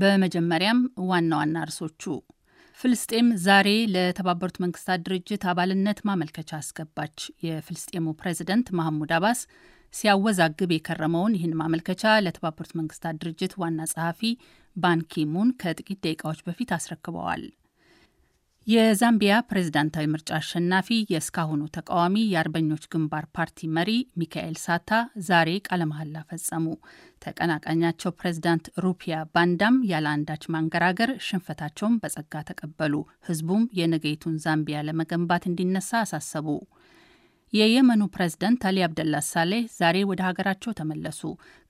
በመጀመሪያም ዋና ዋና እርሶቹ ፍልስጤም ዛሬ ለተባበሩት መንግስታት ድርጅት አባልነት ማመልከቻ አስገባች። የፍልስጤሙ ፕሬዚደንት ማህሙድ አባስ ሲያወዛግብ የከረመውን ይህን ማመልከቻ ለተባበሩት መንግስታት ድርጅት ዋና ጸሐፊ ባንኪሙን ከጥቂት ደቂቃዎች በፊት አስረክበዋል። የዛምቢያ ፕሬዝዳንታዊ ምርጫ አሸናፊ የእስካሁኑ ተቃዋሚ የአርበኞች ግንባር ፓርቲ መሪ ሚካኤል ሳታ ዛሬ ቃለ መሐላ ፈጸሙ። ተቀናቃኛቸው ፕሬዝዳንት ሩፒያ ባንዳም ያለ አንዳች ማንገራገር ሽንፈታቸውን በጸጋ ተቀበሉ። ህዝቡም የነገይቱን ዛምቢያ ለመገንባት እንዲነሳ አሳሰቡ። የየመኑ ፕሬዝደንት አሊ አብደላ ሳሌህ ዛሬ ወደ ሀገራቸው ተመለሱ።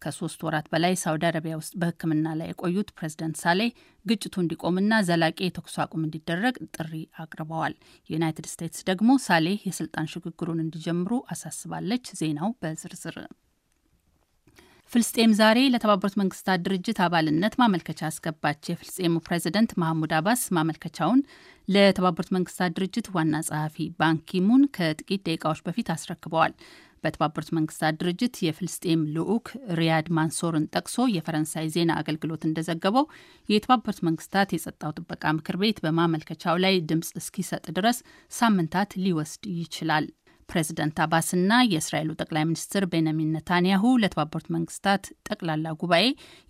ከሶስት ወራት በላይ ሳውዲ አረቢያ ውስጥ በሕክምና ላይ የቆዩት ፕሬዝደንት ሳሌህ ግጭቱ እንዲቆምና ዘላቂ የተኩስ አቁም እንዲደረግ ጥሪ አቅርበዋል። ዩናይትድ ስቴትስ ደግሞ ሳሌህ የስልጣን ሽግግሩን እንዲጀምሩ አሳስባለች። ዜናው በዝርዝር ፍልስጤም ዛሬ ለተባበሩት መንግስታት ድርጅት አባልነት ማመልከቻ አስገባች። የፍልስጤሙ ፕሬዚደንት ማህሙድ አባስ ማመልከቻውን ለተባበሩት መንግስታት ድርጅት ዋና ጸሐፊ ባንኪሙን ከጥቂት ደቂቃዎች በፊት አስረክበዋል። በተባበሩት መንግስታት ድርጅት የፍልስጤም ልዑክ ሪያድ ማንሶርን ጠቅሶ የፈረንሳይ ዜና አገልግሎት እንደዘገበው የተባበሩት መንግስታት የጸጥታው ጥበቃ ምክር ቤት በማመልከቻው ላይ ድምፅ እስኪሰጥ ድረስ ሳምንታት ሊወስድ ይችላል። ፕሬዝደንት አባስና የእስራኤሉ ጠቅላይ ሚኒስትር ቤንያሚን ነታንያሁ ለተባበሩት መንግስታት ጠቅላላ ጉባኤ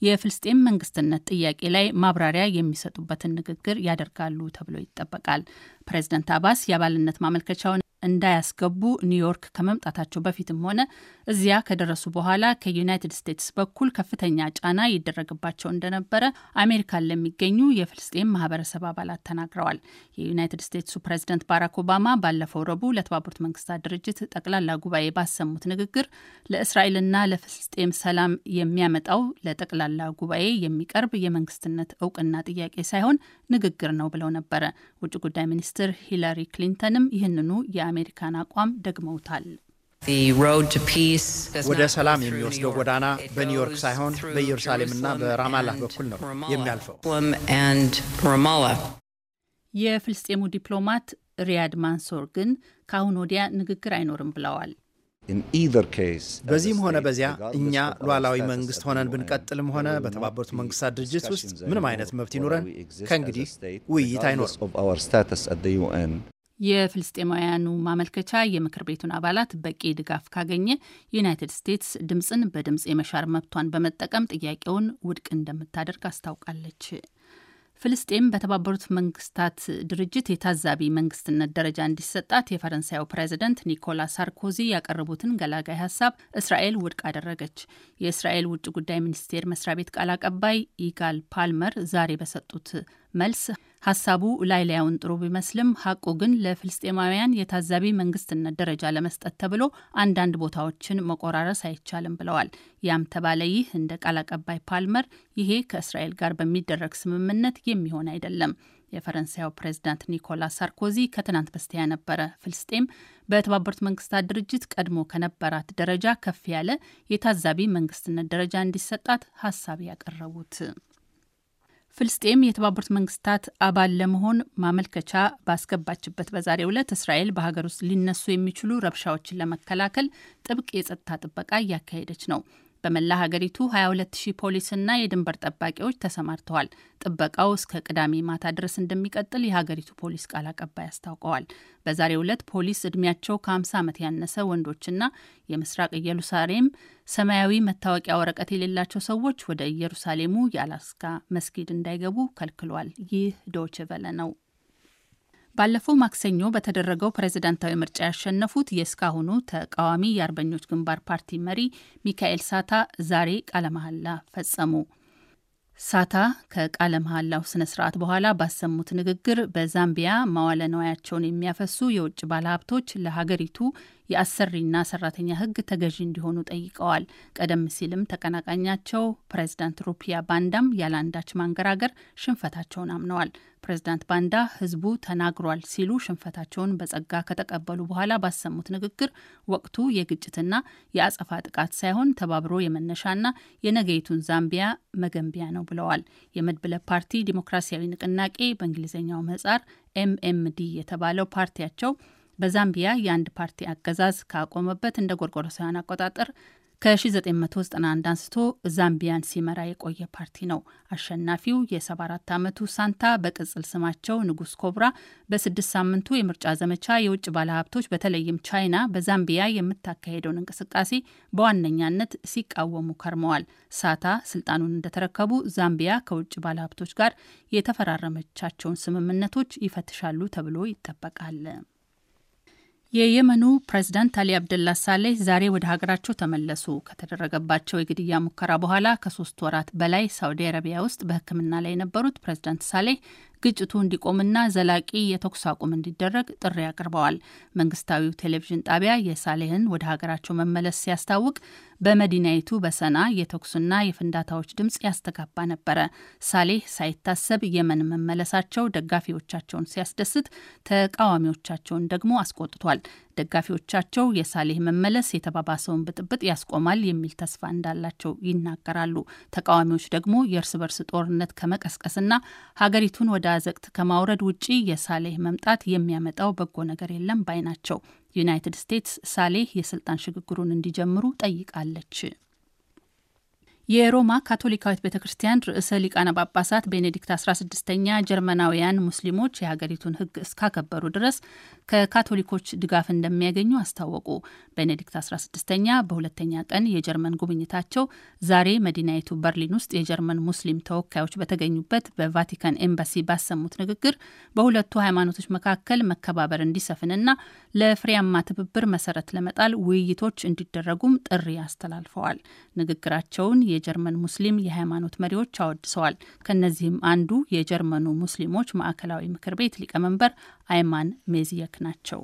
የፍልስጤም መንግስትነት ጥያቄ ላይ ማብራሪያ የሚሰጡበትን ንግግር ያደርጋሉ ተብሎ ይጠበቃል። ፕሬዝደንት አባስ የአባልነት ማመልከቻውን እንዳያስገቡ ኒውዮርክ ከመምጣታቸው በፊትም ሆነ እዚያ ከደረሱ በኋላ ከዩናይትድ ስቴትስ በኩል ከፍተኛ ጫና ይደረግባቸው እንደነበረ አሜሪካን ለሚገኙ የፍልስጤም ማህበረሰብ አባላት ተናግረዋል። የዩናይትድ ስቴትሱ ፕሬዝደንት ባራክ ኦባማ ባለፈው ረቡዕ ለተባበሩት መንግስታት ድርጅት ጠቅላላ ጉባኤ ባሰሙት ንግግር ለእስራኤልና ለፍልስጤም ሰላም የሚያመጣው ለጠቅላላ ጉባኤ የሚቀርብ የመንግስትነት እውቅና ጥያቄ ሳይሆን ንግግር ነው ብለው ነበረ። ውጭ ጉዳይ ሚኒስትር ሂላሪ ክሊንተንም ይህንኑ የአሜሪካን አቋም ደግመውታል። ወደ ሰላም የሚወስደው ጎዳና በኒውዮርክ ሳይሆን በኢየሩሳሌምና በራማላህ በኩል ነው የሚያልፈው። የፍልስጤሙ ዲፕሎማት ሪያድ ማንሶር ግን ከአሁን ወዲያ ንግግር አይኖርም ብለዋል። በዚህም ሆነ በዚያ እኛ ሉዓላዊ መንግስት ሆነን ብንቀጥልም ሆነ በተባበሩት መንግስታት ድርጅት ውስጥ ምንም አይነት መብት ይኑረን ከእንግዲህ ውይይት አይኖርም። የፍልስጤማውያኑ ማመልከቻ የምክር ቤቱን አባላት በቂ ድጋፍ ካገኘ ዩናይትድ ስቴትስ ድምፅን በድምፅ የመሻር መብቷን በመጠቀም ጥያቄውን ውድቅ እንደምታደርግ አስታውቃለች። ፍልስጤም በተባበሩት መንግስታት ድርጅት የታዛቢ መንግስትነት ደረጃ እንዲሰጣት የፈረንሳዩ ፕሬዚደንት ኒኮላ ሳርኮዚ ያቀረቡትን ገላጋይ ሀሳብ እስራኤል ውድቅ አደረገች። የእስራኤል ውጭ ጉዳይ ሚኒስቴር መስሪያ ቤት ቃል አቀባይ ኢጋል ፓልመር ዛሬ በሰጡት መልስ ሀሳቡ ላይ ላያውን ጥሩ ቢመስልም ሀቁ ግን ለፍልስጤማውያን የታዛቢ መንግስትነት ደረጃ ለመስጠት ተብሎ አንዳንድ ቦታዎችን መቆራረስ አይቻልም ብለዋል። ያም ተባለ ይህ እንደ ቃል አቀባይ ፓልመር ይሄ ከእስራኤል ጋር በሚደረግ ስምምነት የሚሆን አይደለም። የፈረንሳዩ ፕሬዚዳንት ኒኮላስ ሳርኮዚ ከትናንት በስቲያ ነበረ ፍልስጤም በተባበሩት መንግስታት ድርጅት ቀድሞ ከነበራት ደረጃ ከፍ ያለ የታዛቢ መንግስትነት ደረጃ እንዲሰጣት ሀሳብ ያቀረቡት። ፍልስጤም የተባበሩት መንግስታት አባል ለመሆን ማመልከቻ ባስገባችበት በዛሬው ዕለት እስራኤል በሀገር ውስጥ ሊነሱ የሚችሉ ረብሻዎችን ለመከላከል ጥብቅ የጸጥታ ጥበቃ እያካሄደች ነው። በመላ ሀገሪቱ 22000 ፖሊስና የድንበር ጠባቂዎች ተሰማርተዋል። ጥበቃው እስከ ቅዳሜ ማታ ድረስ እንደሚቀጥል የሀገሪቱ ፖሊስ ቃል አቀባይ አስታውቀዋል። በዛሬው ዕለት ፖሊስ እድሜያቸው ከ50 ዓመት ያነሰ ወንዶችና የምስራቅ ኢየሩሳሌም ሰማያዊ መታወቂያ ወረቀት የሌላቸው ሰዎች ወደ ኢየሩሳሌሙ የአላስካ መስጊድ እንዳይገቡ ከልክሏል። ይህ ዶችቨለ ነው። ባለፈው ማክሰኞ በተደረገው ፕሬዝዳንታዊ ምርጫ ያሸነፉት የእስካሁኑ ተቃዋሚ የአርበኞች ግንባር ፓርቲ መሪ ሚካኤል ሳታ ዛሬ ቃለ መሐላ ፈጸሙ። ሳታ ከቃለ መሐላው ስነ ስርዓት በኋላ ባሰሙት ንግግር በዛምቢያ መዋለ ንዋያቸውን የሚያፈሱ የውጭ ባለሀብቶች ለሀገሪቱ የአሰሪና ሰራተኛ ህግ ተገዢ እንዲሆኑ ጠይቀዋል። ቀደም ሲልም ተቀናቃኛቸው ፕሬዚዳንት ሩፒያ ባንዳም ያለአንዳች ማንገራገር ሽንፈታቸውን አምነዋል። ፕሬዚዳንት ባንዳ ህዝቡ ተናግሯል ሲሉ ሽንፈታቸውን በጸጋ ከተቀበሉ በኋላ ባሰሙት ንግግር ወቅቱ የግጭትና የአጸፋ ጥቃት ሳይሆን ተባብሮ የመነሻና የነገይቱን ዛምቢያ መገንቢያ ነው ብለዋል። የመድብለ ፓርቲ ዲሞክራሲያዊ ንቅናቄ በእንግሊዝኛው ምህጻር ኤምኤምዲ የተባለው ፓርቲያቸው በዛምቢያ የአንድ ፓርቲ አገዛዝ ካቆመበት እንደ ጎርጎሮሳውያን አቆጣጠር ከ1991 አንስቶ ዛምቢያን ሲመራ የቆየ ፓርቲ ነው። አሸናፊው የ74 ዓመቱ ሳንታ በቅጽል ስማቸው ንጉስ ኮብራ በስድስት ሳምንቱ የምርጫ ዘመቻ የውጭ ባለሀብቶች በተለይም ቻይና በዛምቢያ የምታካሄደውን እንቅስቃሴ በዋነኛነት ሲቃወሙ ከርመዋል። ሳታ ስልጣኑን እንደተረከቡ ዛምቢያ ከውጭ ባለሀብቶች ጋር የተፈራረመቻቸውን ስምምነቶች ይፈትሻሉ ተብሎ ይጠበቃል። የየመኑ ፕሬዝዳንት አሊ አብደላ ሳሌህ ዛሬ ወደ ሀገራቸው ተመለሱ። ከተደረገባቸው የግድያ ሙከራ በኋላ ከሶስት ወራት በላይ ሳውዲ አረቢያ ውስጥ በሕክምና ላይ የነበሩት ፕሬዝዳንት ሳሌህ ግጭቱ እንዲቆምና ዘላቂ የተኩስ አቁም እንዲደረግ ጥሪ አቅርበዋል። መንግስታዊው ቴሌቪዥን ጣቢያ የሳሌህን ወደ ሀገራቸው መመለስ ሲያስታውቅ በመዲናይቱ በሰና የተኩስና የፍንዳታዎች ድምፅ ያስተጋባ ነበረ። ሳሌህ ሳይታሰብ የመን መመለሳቸው ደጋፊዎቻቸውን ሲያስደስት፣ ተቃዋሚዎቻቸውን ደግሞ አስቆጥቷል። ደጋፊዎቻቸው የሳሌህ መመለስ የተባባሰውን ብጥብጥ ያስቆማል የሚል ተስፋ እንዳላቸው ይናገራሉ። ተቃዋሚዎች ደግሞ የእርስ በርስ ጦርነት ከመቀስቀስና ሀገሪቱን ወደ አዘቅት ከማውረድ ውጪ የሳሌህ መምጣት የሚያመጣው በጎ ነገር የለም ባይ ናቸው። ዩናይትድ ስቴትስ ሳሌህ የስልጣን ሽግግሩን እንዲጀምሩ ጠይቃለች። የሮማ ካቶሊካዊት ቤተ ክርስቲያን ርዕሰ ሊቃነ ጳጳሳት ቤኔዲክት 16ኛ ጀርመናውያን ሙስሊሞች የሀገሪቱን ሕግ እስካከበሩ ድረስ ከካቶሊኮች ድጋፍ እንደሚያገኙ አስታወቁ። ቤኔዲክት 16ኛ በሁለተኛ ቀን የጀርመን ጉብኝታቸው ዛሬ መዲናይቱ በርሊን ውስጥ የጀርመን ሙስሊም ተወካዮች በተገኙበት በቫቲካን ኤምባሲ ባሰሙት ንግግር በሁለቱ ሃይማኖቶች መካከል መከባበር እንዲሰፍንና ለፍሬያማ ትብብር መሰረት ለመጣል ውይይቶች እንዲደረጉም ጥሪ አስተላልፈዋል። ንግግራቸውን የጀርመን ሙስሊም የሃይማኖት መሪዎች አወድሰዋል። ከእነዚህም አንዱ የጀርመኑ ሙስሊሞች ማዕከላዊ ምክር ቤት ሊቀመንበር አይማን ሜዚየክ ናቸው።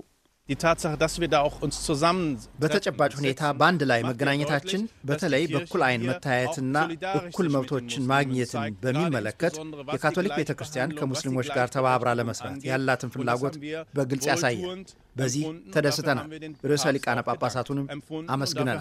በተጨባጭ ሁኔታ በአንድ ላይ መገናኘታችን በተለይ በኩል አይን መታየትና እኩል መብቶችን ማግኘትን በሚመለከት የካቶሊክ ቤተ ክርስቲያን ከሙስሊሞች ጋር ተባብራ ለመስራት ያላትን ፍላጎት በግልጽ ያሳያል። በዚህ ተደስተናል። ርዕሰ ሊቃነ ጳጳሳቱንም አመስግነናል።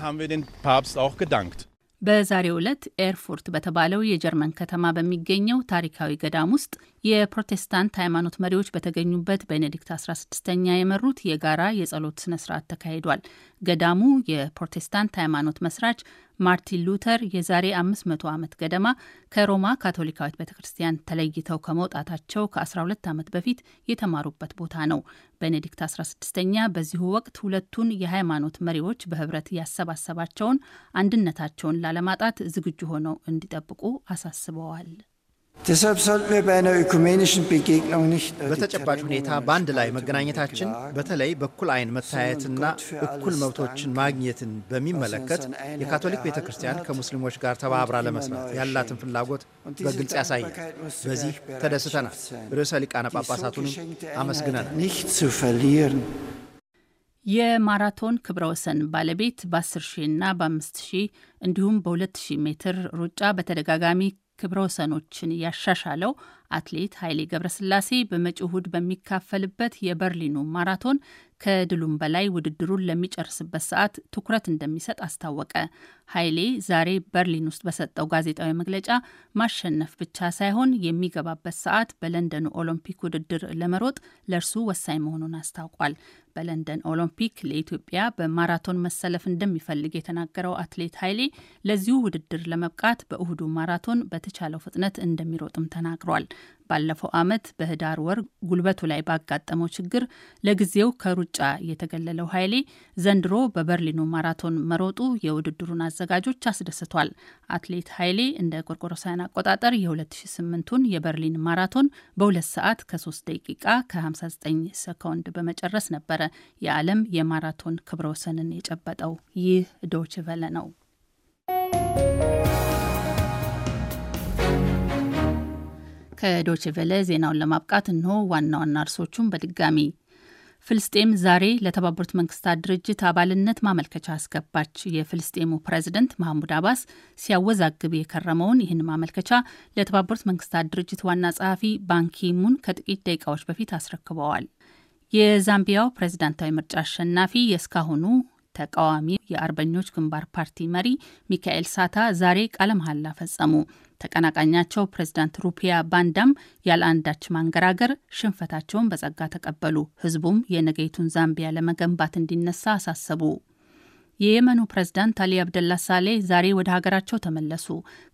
በዛሬው ዕለት ኤርፉርት በተባለው የጀርመን ከተማ በሚገኘው ታሪካዊ ገዳም ውስጥ የፕሮቴስታንት ሃይማኖት መሪዎች በተገኙበት ቤኔዲክት 16ኛ የመሩት የጋራ የጸሎት ስነ ስርዓት ተካሂዷል። ገዳሙ የፕሮቴስታንት ሃይማኖት መስራች ማርቲን ሉተር የዛሬ 500 ዓመት ገደማ ከሮማ ካቶሊካዊት ቤተ ክርስቲያን ተለይተው ከመውጣታቸው ከ12 ዓመት በፊት የተማሩበት ቦታ ነው። ቤኔዲክት 16ኛ በዚሁ ወቅት ሁለቱን የሃይማኖት መሪዎች በህብረት ያሰባሰባቸውን አንድነታቸውን ላለማጣት ዝግጁ ሆነው እንዲጠብቁ አሳስበዋል። በተጨባጭ ሁኔታ በአንድ ላይ መገናኘታችን በተለይ በኩል አይን መታየትና እኩል መብቶችን ማግኘትን በሚመለከት የካቶሊክ ቤተ ክርስቲያን ከሙስሊሞች ጋር ተባብራ ለመስራት ያላትን ፍላጎት በግልጽ ያሳያል። በዚህ ተደስተናል። ርዕሰ ሊቃነ ጳጳሳቱንም አመስግነናል። የማራቶን ክብረ ወሰን ባለቤት በ10 ሺ እና በ5 እንዲሁም በ2 ሺ ሜትር ሩጫ በተደጋጋሚ ክብረ ወሰኖችን ያሻሻለው አትሌት ኃይሌ ገብረስላሴ በመጪው እሁድ በሚካፈልበት የበርሊኑ ማራቶን ከድሉም በላይ ውድድሩን ለሚጨርስበት ሰዓት ትኩረት እንደሚሰጥ አስታወቀ። ኃይሌ ዛሬ በርሊን ውስጥ በሰጠው ጋዜጣዊ መግለጫ ማሸነፍ ብቻ ሳይሆን የሚገባበት ሰዓት በለንደኑ ኦሎምፒክ ውድድር ለመሮጥ ለእርሱ ወሳኝ መሆኑን አስታውቋል። በለንደን ኦሎምፒክ ለኢትዮጵያ በማራቶን መሰለፍ እንደሚፈልግ የተናገረው አትሌት ኃይሌ ለዚሁ ውድድር ለመብቃት በእሁዱ ማራቶን በተቻለው ፍጥነት እንደሚሮጥም ተናግሯል። ባለፈው ዓመት በህዳር ወር ጉልበቱ ላይ ባጋጠመው ችግር ለጊዜው ከሩጫ የተገለለው ኃይሌ ዘንድሮ በበርሊኑ ማራቶን መሮጡ የውድድሩን አዘጋጆች አስደስቷል። አትሌት ኃይሌ እንደ ጎርጎሮሳውያን አቆጣጠር የ2008ቱን የበርሊን ማራቶን በሁለት ሰዓት ከ3 ደቂቃ ከ59 ሰኮንድ በመጨረስ ነበረ የዓለም የማራቶን ክብረ ወሰንን የጨበጠው። ይህ ዶችቨለ ነው። ከዶችቬለ ዜናውን ለማብቃት እንሆ ዋና ዋና እርሶቹን በድጋሚ ፍልስጤም ዛሬ ለተባበሩት መንግስታት ድርጅት አባልነት ማመልከቻ አስገባች። የፍልስጤሙ ፕሬዝደንት ማህሙድ አባስ ሲያወዛግብ የከረመውን ይህን ማመልከቻ ለተባበሩት መንግስታት ድርጅት ዋና ጸሐፊ ባንኪሙን ከጥቂት ደቂቃዎች በፊት አስረክበዋል። የዛምቢያው ፕሬዚዳንታዊ ምርጫ አሸናፊ የእስካሁኑ ተቃዋሚ የአርበኞች ግንባር ፓርቲ መሪ ሚካኤል ሳታ ዛሬ ቃለ መሐላ ፈጸሙ። ተቀናቃኛቸው ፕሬዚዳንት ሩፒያ ባንዳም ያለ አንዳች ማንገራገር ሽንፈታቸውን በጸጋ ተቀበሉ። ህዝቡም የነገይቱን ዛምቢያ ለመገንባት እንዲነሳ አሳሰቡ። የየመኑ ፕሬዝዳንት አሊ አብደላ ሳሌ ዛሬ ወደ ሀገራቸው ተመለሱ።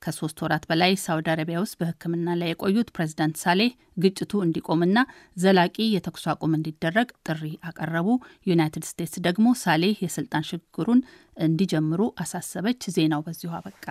ከሶስት ወራት በላይ ሳውዲ አረቢያ ውስጥ በሕክምና ላይ የቆዩት ፕሬዝዳንት ሳሌ ግጭቱ እንዲቆምና ዘላቂ የተኩስ አቁም እንዲደረግ ጥሪ አቀረቡ። ዩናይትድ ስቴትስ ደግሞ ሳሌ የስልጣን ሽግግሩን እንዲጀምሩ አሳሰበች። ዜናው በዚሁ አበቃ።